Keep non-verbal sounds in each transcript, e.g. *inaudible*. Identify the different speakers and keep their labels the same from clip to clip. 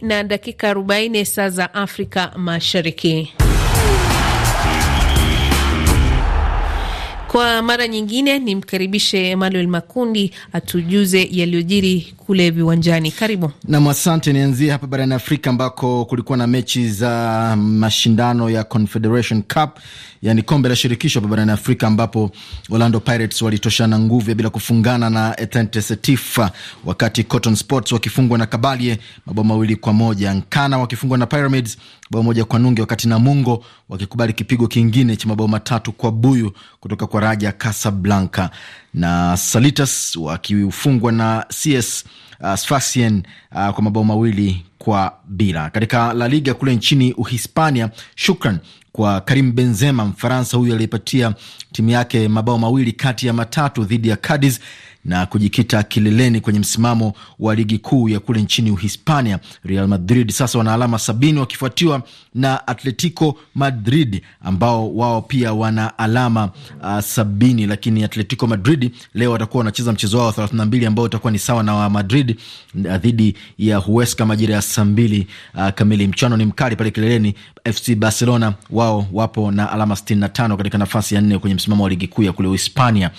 Speaker 1: na dakika 40 saa za Afrika Mashariki. Kwa mara nyingine nimkaribishe Emmanuel Makundi atujuze yaliyojiri kule viwanjani. Karibu nam. Asante. Nianzie
Speaker 2: hapa barani Afrika ambako kulikuwa na mechi za mashindano ya Confederation Cup yani kombe la shirikisho barani Afrika, ambapo Orlando Pirates walitoshana nguvu bila kufungana na Etente Setifa, wakati Cotton Sports wakifungwa na Kabalie mabao mawili kwa moja, Nkana wakifungwa na Pyramids bao moja kwa nunge, wakati Namungo wakikubali kipigo kingine cha mabao matatu kwa buyu kutoka kwa Raja Casablanca na Salitas wakifungwa na CS uh, Sfaxien uh, kwa mabao mawili kwa bila. Katika La Liga kule nchini Uhispania, shukran kwa Karim Benzema, Mfaransa huyu aliyepatia timu yake mabao mawili kati ya matatu dhidi ya Cadiz na kujikita kileleni kwenye msimamo wa ligi kuu ya kule nchini Uhispania. Real Madrid sasa wana alama sabini wakifuatiwa na Atletico Madrid ambao wao pia wana alama uh, sabini, lakini Atletico Madrid leo watakuwa wanacheza mchezo wao wa thelathini na mbili ambao utakuwa ni sawa na wa Madrid uh, dhidi ya Huesca majira ya saa mbili uh, kamili. Mchano ni mkali pale kileleni. FC Barcelona wao wapo na alama sitini na tano katika nafasi ya nne kwenye msimamo wa ligi kuu ya kule Uhispania.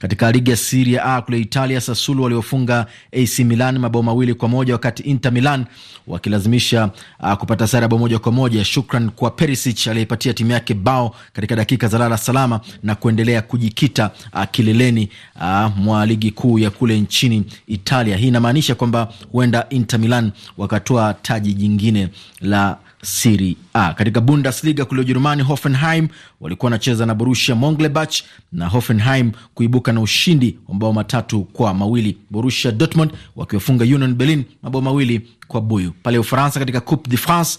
Speaker 2: Katika ligi ya Serie A kule Italia, Sassuolo waliofunga AC Milan mabao mawili kwa moja wakati Inter Milan wakilazimisha uh, kupata sare bao moja kwa moja. Shukran kwa Perisic aliyepatia timu yake bao katika dakika za lala salama na kuendelea kujikita uh, kileleni uh, mwa ligi kuu ya kule nchini Italia. Hii inamaanisha kwamba huenda Inter Milan wakatoa taji jingine la Serie A. Katika Bundesliga kule Ujerumani, Hoffenheim walikuwa wanacheza na Borussia Monchengladbach na Hoffenheim kuibuka na ushindi wa mabao matatu kwa mawili. Borussia Dortmund wakiwafunga Union Berlin mabao mawili kwa buyu. Pale Ufaransa, katika Coupe de France,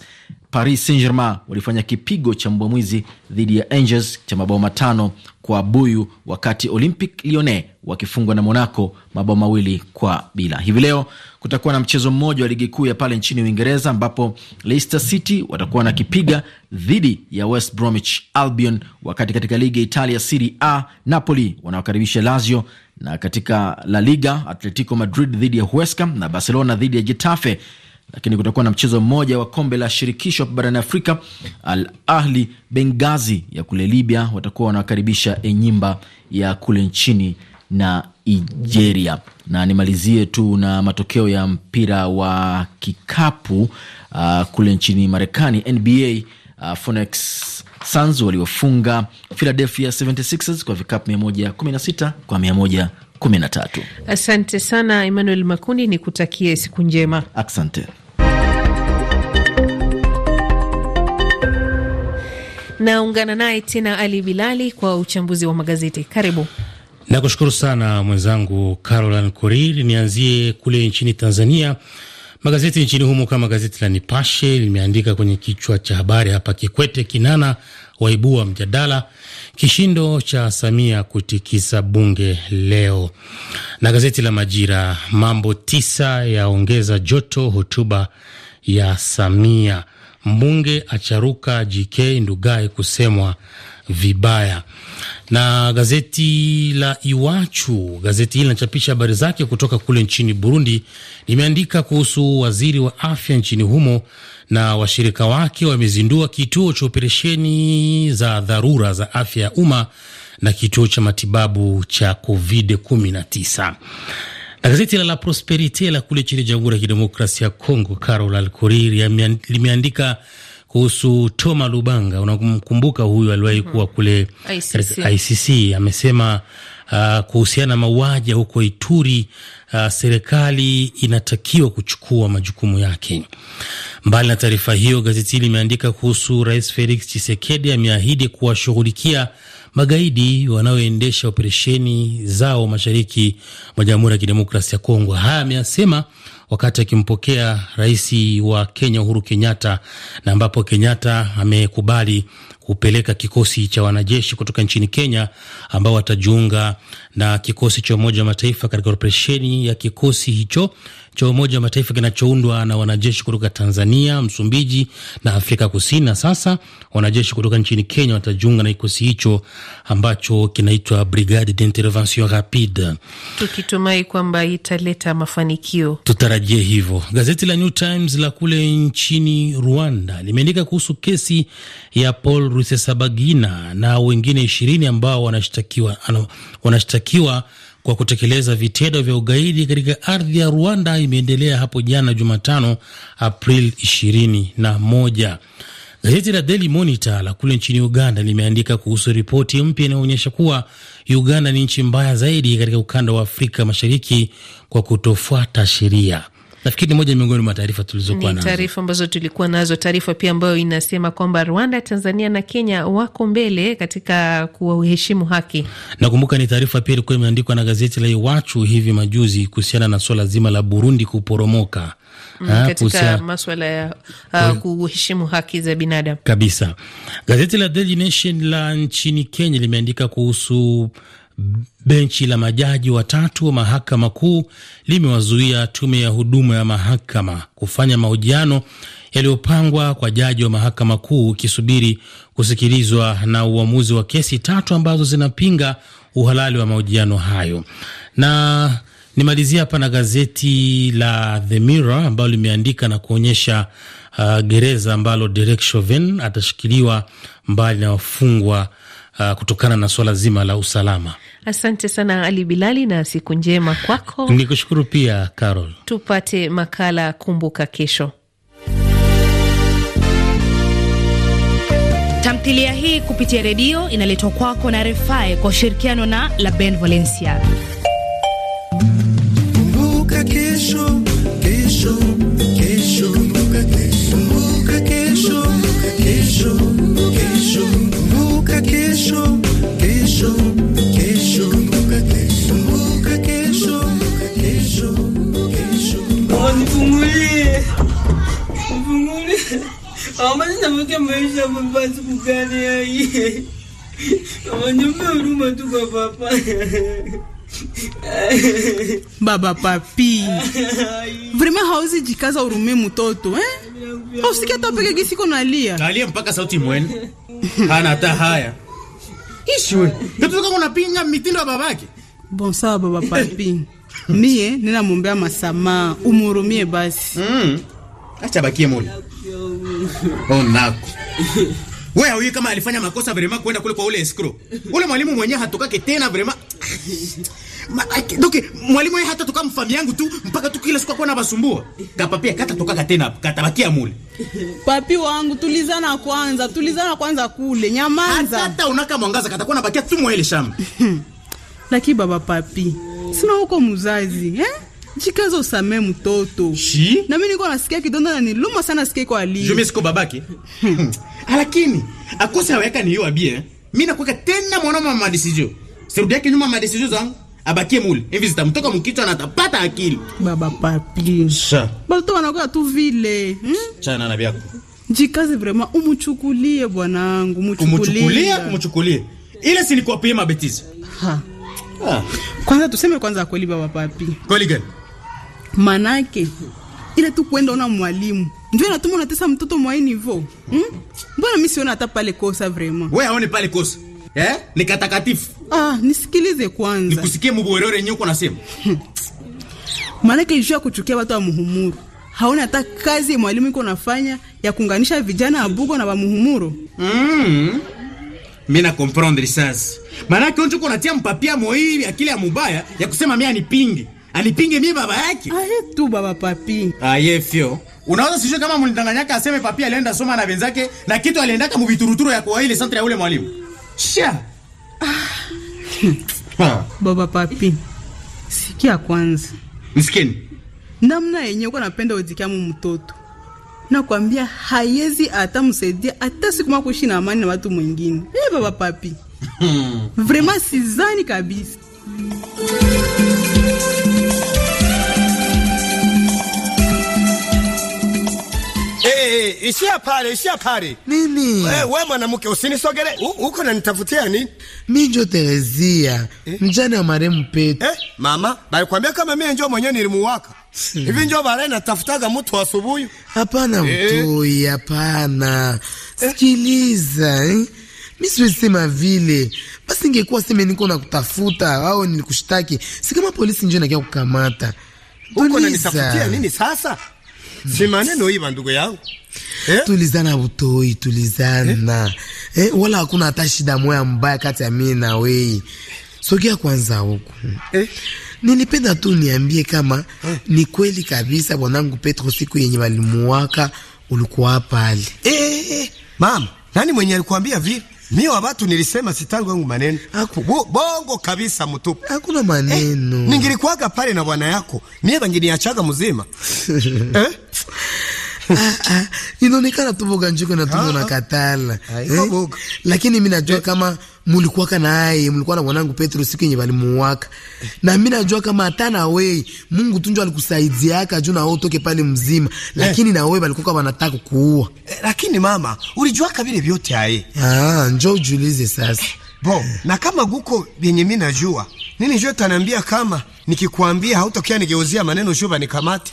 Speaker 2: Paris Saint Germain walifanya kipigo cha mbwa mwizi dhidi ya Angers cha mabao matano kwa buyu, wakati Olympic Lione wakifungwa na Monaco mabao mawili kwa bila. Hivi leo kutakuwa na mchezo mmoja wa ligi kuu ya pale nchini Uingereza ambapo Leicester City watakuwa na kipiga dhidi ya West Bromwich Albion, wakati katika ligi ya Italia Serie A Napoli wanaokaribisha Lazio, na katika La Liga Atletico Madrid dhidi ya Huesca na Barcelona dhidi ya Getafe lakini kutakuwa na mchezo mmoja wa kombe la shirikisho barani Afrika. Al Ahli Bengazi ya kule Libya watakuwa wanawakaribisha Enyimba ya kule nchini na Nigeria. Na nimalizie tu na matokeo ya mpira wa kikapu uh, kule nchini Marekani, NBA uh, Phoenix Suns waliofunga Philadelphia 76ers kwa vikapu 116 kwa 113.
Speaker 1: Asante sana Emmanuel Makundi, nikutakie siku njema. Asante. Naungana naye tena Ali Bilali kwa uchambuzi wa magazeti. Karibu.
Speaker 3: Nakushukuru sana mwenzangu Carolan Coril. Nianzie kule nchini Tanzania. Magazeti nchini humo kama gazeti la Nipashe limeandika kwenye kichwa cha habari hapa, Kikwete Kinana waibua mjadala, kishindo cha Samia kutikisa bunge leo. Na gazeti la Majira, mambo tisa yaongeza joto hotuba ya Samia mbunge acharuka JK Ndugai kusemwa vibaya na gazeti la Iwachu. Gazeti hili linachapisha habari zake kutoka kule nchini Burundi. Limeandika kuhusu waziri wa afya nchini humo na washirika wake wamezindua kituo cha operesheni za dharura za afya ya umma na kituo cha matibabu cha COVID 19. Gazeti la La Prosperite la kule chini Jamhuri ya Kidemokrasia ya Kongo, Carol Alkoriri limeandika kuhusu Toma Lubanga. Unamkumbuka huyu, aliwahi mhm. kuwa kule ICC. ICC amesema uh, kuhusiana na mauaji huko Ituri, uh, serikali inatakiwa kuchukua majukumu yake. Mbali na taarifa hiyo, gazeti hili limeandika kuhusu Rais Felix chisekedi ameahidi kuwashughulikia magaidi wanaoendesha operesheni zao mashariki mwa Jamhuri ya Kidemokrasi ya Kongo. Haya ameyasema wakati akimpokea rais wa Kenya Uhuru Kenyatta, na ambapo Kenyatta amekubali kupeleka kikosi cha wanajeshi kutoka nchini Kenya ambao watajiunga na kikosi cha Umoja wa Mataifa katika operesheni ya kikosi hicho cha Umoja wa Mataifa kinachoundwa na wanajeshi kutoka Tanzania, Msumbiji na Afrika Kusini, na sasa wanajeshi kutoka nchini Kenya watajiunga na kikosi hicho ambacho kinaitwa Brigade d'Intervention Rapide,
Speaker 1: tukitumai kwamba italeta mafanikio,
Speaker 3: tutarajie hivyo. Gazeti la New Times la kule nchini Rwanda limeandika kuhusu kesi ya Paul Rusesabagina na wengine ishirini ambao wanashtakiwa wanashtakiwa kwa kutekeleza vitendo vya ugaidi katika ardhi ya Rwanda imeendelea hapo jana Jumatano, april 21. Gazeti la Daily Monitor la kule nchini Uganda limeandika kuhusu ripoti mpya inayoonyesha kuwa Uganda ni nchi mbaya zaidi katika ukanda wa Afrika Mashariki kwa kutofuata sheria. Nafikiri ni moja miongoni mwa taarifa tulizokuwa nazo, taarifa
Speaker 1: ambazo tulikuwa nazo, taarifa pia ambayo inasema kwamba Rwanda, Tanzania na Kenya wako mbele katika kuheshimu haki.
Speaker 3: Nakumbuka ni taarifa pia ilikuwa imeandikwa na gazeti la Iwachu hivi majuzi kuhusiana na swala zima la Burundi kuporomoka
Speaker 1: mm, ah, katika maswala ya uh, kuheshimu haki za binadamu
Speaker 3: kabisa. Gazeti la Daily Nation la nchini Kenya limeandika kuhusu Benchi la majaji watatu wa mahakama kuu limewazuia tume ya huduma ya mahakama kufanya mahojiano yaliyopangwa kwa jaji wa mahakama kuu ikisubiri kusikilizwa na uamuzi wa kesi tatu ambazo zinapinga uhalali wa mahojiano hayo. Na nimalizia hapa na gazeti la The Mirror ambalo limeandika na kuonyesha uh, gereza ambalo Derek Chauvin atashikiliwa mbali na wafungwa uh, kutokana na swala zima la usalama.
Speaker 1: Asante sana Ali Bilali, na siku njema kwako.
Speaker 3: Ni kushukuru pia Carol.
Speaker 1: Tupate makala Kumbuka Kesho. Tamthilia hii kupitia redio inaletwa kwako na Refae kwa ushirikiano na La Ben Valencia.
Speaker 4: Ambazo navuka maisha mabasi kugani yai. Wanyume huruma tu kwa papa.
Speaker 5: Baba papi. Vraiment hauzi jikaza hurumie mtoto, eh? Usikia hata peke yake siko nalia.
Speaker 6: Nalia mpaka sauti mwene. Hana hata haya.
Speaker 5: Ishwe. Ndio kama unapinga mitindo ya babake. Bon sawa baba papi. Mie nina muombea masamaha, umurumie basi. Mm acha
Speaker 6: bakie mule Oh nako. Wewe hauyi kama alifanya makosa vrema kwenda kule kwa ule escrow. Ule mwalimu mwenyewe hatokake tena vrema. Donc mwalimu yeye hata toka mfami yangu tu mpaka tu kila siku akuona basumbua. Kapapia kata tokaka tena hapo, katabakia mule.
Speaker 5: Papi wangu tulizana kwanza, tulizana kwanza kule. Nyamaza. Hata
Speaker 6: unaka mwangaza katakuwa nabakia tu mwele shamba. *laughs* Lakini baba papi,
Speaker 5: sina huko mzazi, eh? Chikazo usamee mtoto. Shi? Na mimi nilikuwa nasikia kidonda na niluma
Speaker 6: sana sikia kwa ali. Je, siko babake. Hmm. Ah, lakini akose aweka ni hiyo abie. Eh? Mimi nakuweka tena mwana mama decision. Sirudi yake nyuma mama zangu. Abakie mule. Hivi zitamtoka mkichwa na atapata akili. Baba papi. Sha.
Speaker 5: Bado wanakuwa tu vile. Hmm? Chana na vyako. Jikaze vraiment umuchukulie bwanangu, Umuchukulie,
Speaker 6: umuchukulie. Ile si ni betizi. Ha. Ah. Kwanza tuseme kwanza kweli baba papi. Kweli gani?
Speaker 5: manake ile tu kwenda ona mwalimu ndio natuma unatesa mtoto mwa niveau hmm? Mbona mimi siona hata pale kosa vraiment.
Speaker 6: Wewe aone pale kosa eh? Ni katakatifu. Ah, nisikilize kwanza, nikusikie muborore nyoko nasema
Speaker 5: *laughs* manake ijua kuchukia watu wa muhumuru haona hata kazi mwalimu iko nafanya ya kuunganisha vijana wa Bugo na wa muhumuru.
Speaker 6: mm. Mimi na comprendre sasa, manake unje uko natia moyo moivi akili ya mubaya ya kusema mimi anipinge Alipinge mie baba yake. Aye tu baba papi. Aye fio. unaweza sijue kama mlidanganyaka aseme papi alienda soma na wenzake na kitu aliendaka mu vituruturu ya kwa ile centre ya ule mwalimu. Sha. Ah.
Speaker 5: Ah. Baba papi. Sikia kwanza. Msikini. Namna yenyewe uko napenda udikamu mtoto. Nakwambia hayezi atamsaidia hata siku moja kuishi na amani na watu mwingine. Eh, baba papi. *laughs* Vraiment sizani kabisa.
Speaker 7: Eh, ishia pale, ishia pale. Nini? Wewe we, mwanamke usinisogele. Huko na nitafutia nini? Mimi ndio Terezia, eh? Mjane wa marehemu Pete. Eh, mama, bali kwambia kama mimi njoo mwenyewe nilimuwaka. Hmm. Hivi njoo bare natafutaga mtu asubuhi.
Speaker 8: Hapana eh. hapana. Eh? Sikiliza, eh? Mi siwezi sema vile. Basi ingekuwa sema niko na kutafuta au nilikushtaki. Si kama polisi njoo inakia kukamata. Uko na nitafutia nini
Speaker 7: sasa? *laughs* simane maneno hii yangu
Speaker 8: eh? Tulizana butoi, tulizana eh? Eh, wala hakuna hata shida moya mbaya kati ya mimi na wewe. Sogea kwanza huku eh? Nilipenda tu niambie kama eh? Ni kweli kabisa bwanangu Petro, siku yenye walimuwaka
Speaker 7: ulikuwa pale eh, eh, eh. Mama, nani mwenye alikwambia vile? ni wabatu nilisema sitangu yangu maneno. Bo, Bongo kabisa mtupu. Hakuna maneno. Eh, ningilikuwaga pale na bwana yako. Mimi banginiachaga mzima. *laughs* eh?
Speaker 8: ah, tu boga njuko na tumbo na ah, ah. katala ah, eh? Lakini mimi najua eh. kama mulikuwa kana naye mulikuwa na mwanangu Petro siku yenye muwaka na mimi najua kama hata na wewe Mungu tunjo alikusaidia aka juu na utoke pale mzima, eh. lakini eh, na wewe walikuwa
Speaker 7: wanataka kuua eh, lakini mama ulijua kabile vyote aye Ah, njo ujiulize sasa eh, bo na kama guko yenye mimi najua nini, njoo tanambia kama nikikwambia hautakia nigeuzia maneno shuba nikamati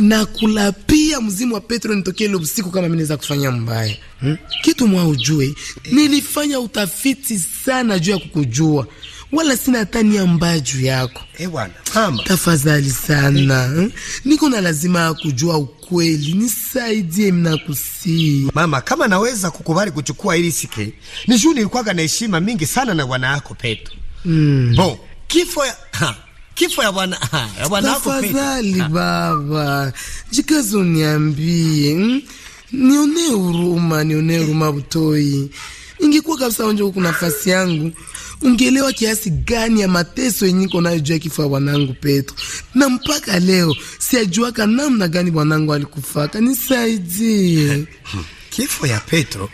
Speaker 7: na kulapia mzimu wa Petro
Speaker 8: nitokee ile usiku, kama mimi naweza kufanya mbaya hmm? Kitu mwa ujue, nilifanya utafiti sana juu ya kukujua, wala sina hata nia mbaya juu yako eh bwana. kama Tafadhali sana hmm? Niko na lazima kujua ukweli, nisaidie
Speaker 7: mnakusii mama, kama naweza kukubali kuchukua ili sike ni juu nilikuwa na heshima mingi sana na bwana yako Petro mm. bo kifo ya... ha kifo ya bwana *laughs* ya bwana wako tafadhali, baba
Speaker 8: jikazi niambie hmm? nione huruma, nione huruma Butoi. Ingekuwa kabisa onje huku nafasi yangu, ungeelewa kiasi gani ya mateso yenye niko nayo juu ya kifo ya bwanangu Petro, na mpaka leo siajuaka namna gani bwanangu alikufaka.
Speaker 7: Nisaidie. *laughs* Kifo ya Petro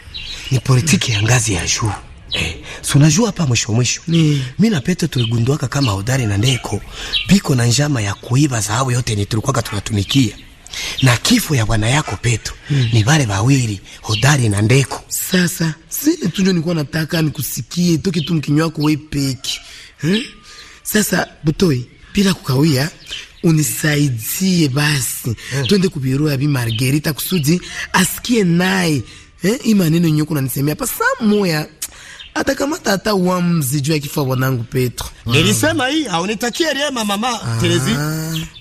Speaker 7: ni politiki ya ngazi ya juu eh, unajua hapa mwisho mwisho mimi na Petro tuligunduaka kama hodari na ndeko biko na njama ya kuiba dhahabu yote ni tulikuwa tunatumikia na kifo ya bwana yako Petro mm. ni wale wawili hodari na ndeko. Sasa sile tunjo nilikuwa nataka
Speaker 8: nikusikie tu kitu mkinywa wako wewe peke hmm? Sasa Butoi, bila kukawia, unisaidie basi hmm. twende kubiro ya Bi Margarita kusudi asikie naye eh, hii maneno yenyewe kunanisemea pa saa moya hata kama tata uamuzi juu ya kifo bwanangu Petro. Mm. Nilisema hii haunitakie rehema mama ah. Terezi.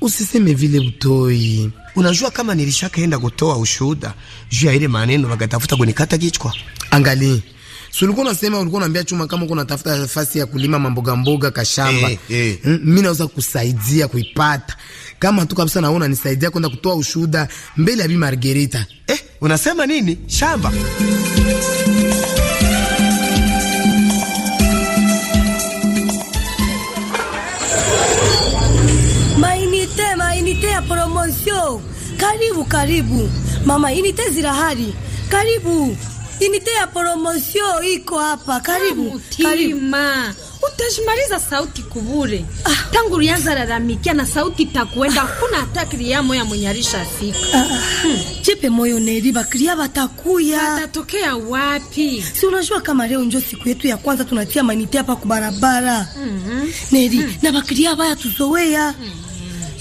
Speaker 8: Usiseme vile butoi. Unajua kama nilishakaenda kutoa ushuhuda juu ya ile maneno wakatafuta kunikata kichwa. Angali. Si ulikuwa unasema ulikuwa unaambia chuma kama uko unatafuta nafasi ya kulima mamboga mboga kashamba. Hey, eh, eh. hey. Mm, mimi naweza kusaidia kuipata. Kama tu kabisa naona nisaidia kwenda kutoa ushuhuda mbele ya Bi Margarita.
Speaker 7: Eh, unasema nini? Shamba.
Speaker 4: karibu karibu mama, hii inite zira hari karibu, inite ya promosio iko hapa karibu karibu. Utajimaliza sauti kubure. Ah, tangu ulianza lalamikia na sauti takuenda Ah, kuna atakiri ya moya mwenyarisha siku ah, ah, hmm. Chepe moyo neriba bakiria batakuya batatokea wapi? Si unajua kama leo njo siku yetu ya kwanza tunatia manite pa kubarabara. mm -hmm. Neri mm. na bakiria baya tuzowea mm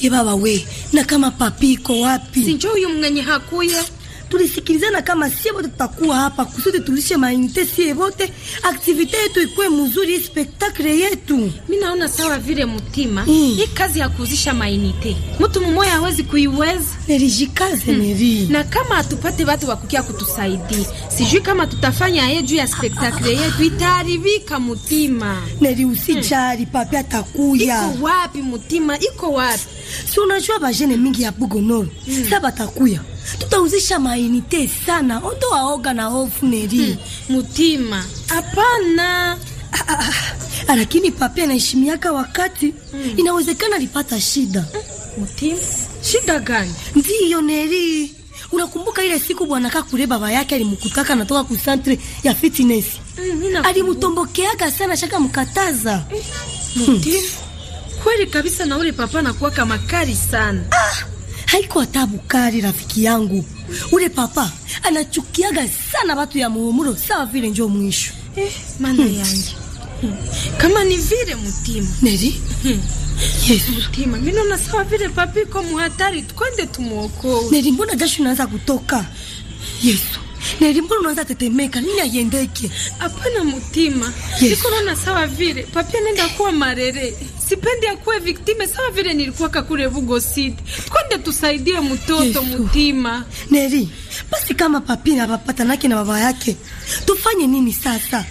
Speaker 4: ye baba we na kama papi iko wapi? Sijui huyu mwenye hakuya tulisikilizana kama sie vote tutakuwa hapa kusudi tulishe mainite sie vote, aktivite yetu ikuwe mzuri, spektakle yetu. Mi naona sawa vile Mutima, mm. hii kazi ya kuuzisha mainite mutu mumoya hawezi kuiweza, nerijikaze mm. neri na kama atupate watu wakukia kutusaidia, sijui kama tutafanya ye juu ya spektakle yetu itaharibika. Mutima neri, usijari usijali, mm. papi atakuya. Iko wapi Mutima? Iko wapi? Si unajua bajene mingi ya Bugonoro mm. saba takuya tutauzisha mainite sana, oto oga na hofu Neri. Hmm, mutima hapana. Ah, ah, ah. Lakini papi anaheshimiaka wakati hmm. Inawezekana alipata shida hmm. Mutima, shida gani? Ndiyo Neri, unakumbuka ile siku bwana kule baba yake alimkutaka natoka ku centre ya fitness hmm, alimtombokeaka sana shaka mkataza. Hmm, mutima, hmm. kweli kabisa na ule papa anakuwa kama kali sana ah haiko tabu kali. Rafiki yangu ule papa anachukiaga sana watu ya muhumuro, sawa vile njoo mwisho eh, mana hmm. yangi hmm. kama ni vile mutima neri hmm. Yesu mutima mimi naona sawa vile papi ko muhatari, twende tumuokoe. Neri, mbona jasho inaanza kutoka Yesu Neli, mbona unaanza tetemeka? Nini aiendeke? Hapana Mutima. Yes. Siko naona sawa vile. Papia nenda kuwa marere. Sipendi akuwe viktime sawa vile nilikuwa kakule vugo sidi. Kwende tusaidie mtoto yes. Mutima. Neli, basi kama papi na papata nake na baba yake. Tufanye nini sasa?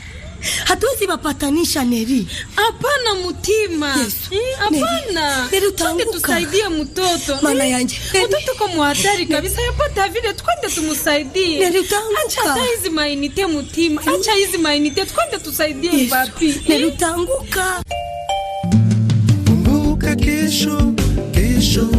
Speaker 4: hatuwezi wapatanisha Neri. Hapana Mutima, eh, hapana Neri, utaanguka. Tusaidie mtoto, mama yanje, eh, mtoto kwa muhatari kabisa, yapata vile, tukwende tumusaidie. Neri, utanguka. Acha hizi mainite Mutima, acha hizi mainite, tukwende tusaidie mbapi eh? Neri, utanguka.
Speaker 7: Kumbuka kesho, kesho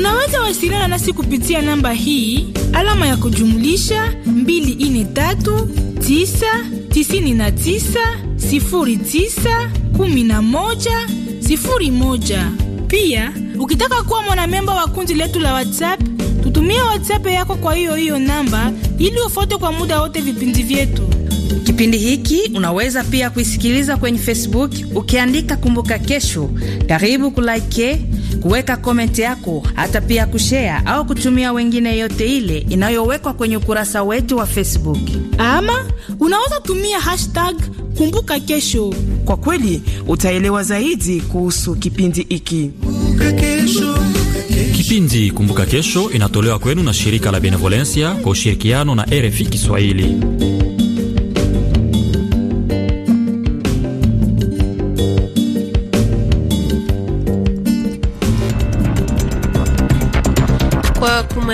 Speaker 4: Unaweza wasiliana nasi
Speaker 5: kupitia namba hii alama ya kujumlisha 243 Pia ukitaka kuwa mwanamemba wa kundi letu la WhatsApp tutumie WhatsApp yako kwa hiyo hiyo namba ili ufuate kwa muda wote vipindi vyetu.
Speaker 1: Kipindi hiki unaweza pia kuisikiliza kwenye Facebook ukiandika Kumbuka Kesho. Karibu kulike, kuweka komenti yako, hata pia kushea au kutumia wengine, yote ile inayowekwa kwenye ukurasa wetu wa Facebook. Ama
Speaker 5: unaweza tumia hashtag Kumbuka Kesho. Kwa kweli utaelewa zaidi kuhusu kipindi hiki.
Speaker 3: Kipindi Kumbuka Kesho inatolewa kwenu na shirika la Benevolencia kwa ushirikiano na RFI Kiswahili.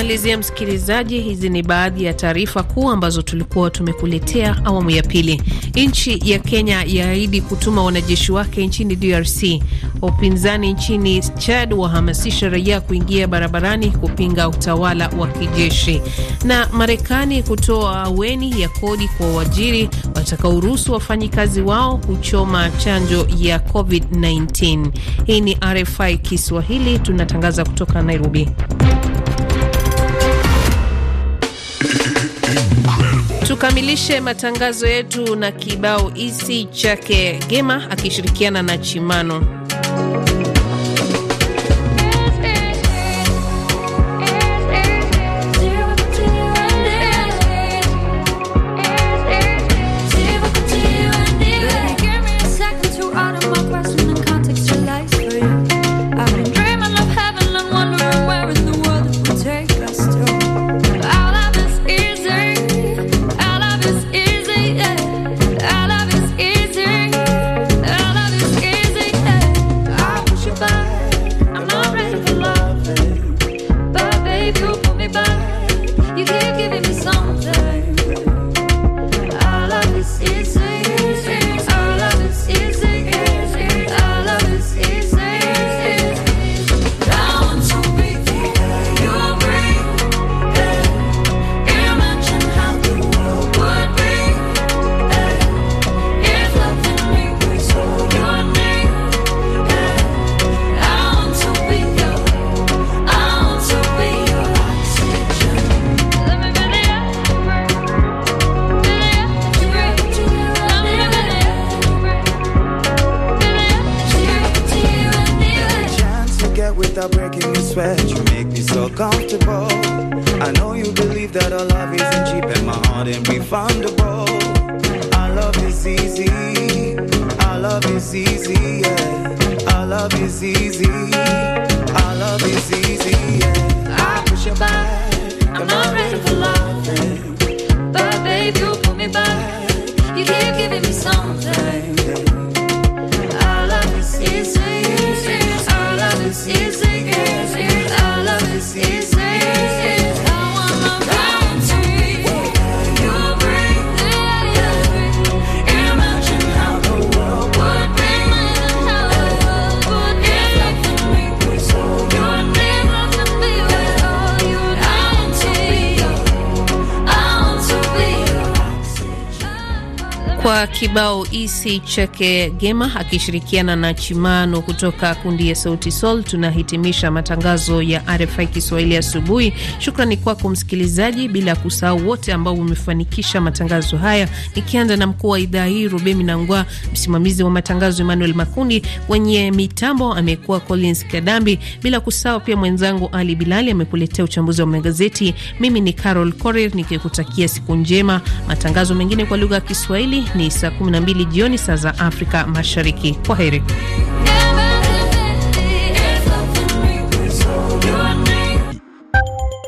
Speaker 1: kumalizia, msikilizaji, hizi ni baadhi ya taarifa kuu ambazo tulikuwa tumekuletea awamu ya pili. Nchi ya Kenya yaahidi kutuma wanajeshi wake nchini DRC. Upinzani nchini Chad wahamasisha raia kuingia barabarani kupinga utawala wa kijeshi, na Marekani kutoa aweni ya kodi kwa uajiri watakaoruhusu wafanyikazi wao kuchoma chanjo ya COVID-19. Hii ni RFI Kiswahili, tunatangaza kutoka Nairobi. Tukamilishe matangazo yetu na kibao isi chake Gema akishirikiana na Chimano. kibao isi cheke Gema akishirikiana na Chimano kutoka kundi ya Sauti Sol, tunahitimisha matangazo ya RFI Kiswahili asubuhi. Shukrani kwako msikilizaji, bila kusahau wote ambao umefanikisha matangazo haya, nikianza na mkuu wa idhaa hii Rubemi Nangwa, msimamizi wa matangazo Emmanuel Makundi, kwenye mitambo amekuwa Collins Kadambi, bila kusahau pia mwenzangu Ali Bilali amekuletea uchambuzi wa magazeti. Mimi ni Carol corer nikikutakia siku njema. Matangazo mengine kwa lugha ya Kiswahili ni saa 12 jioni saa za Afrika Mashariki. Kwa heri.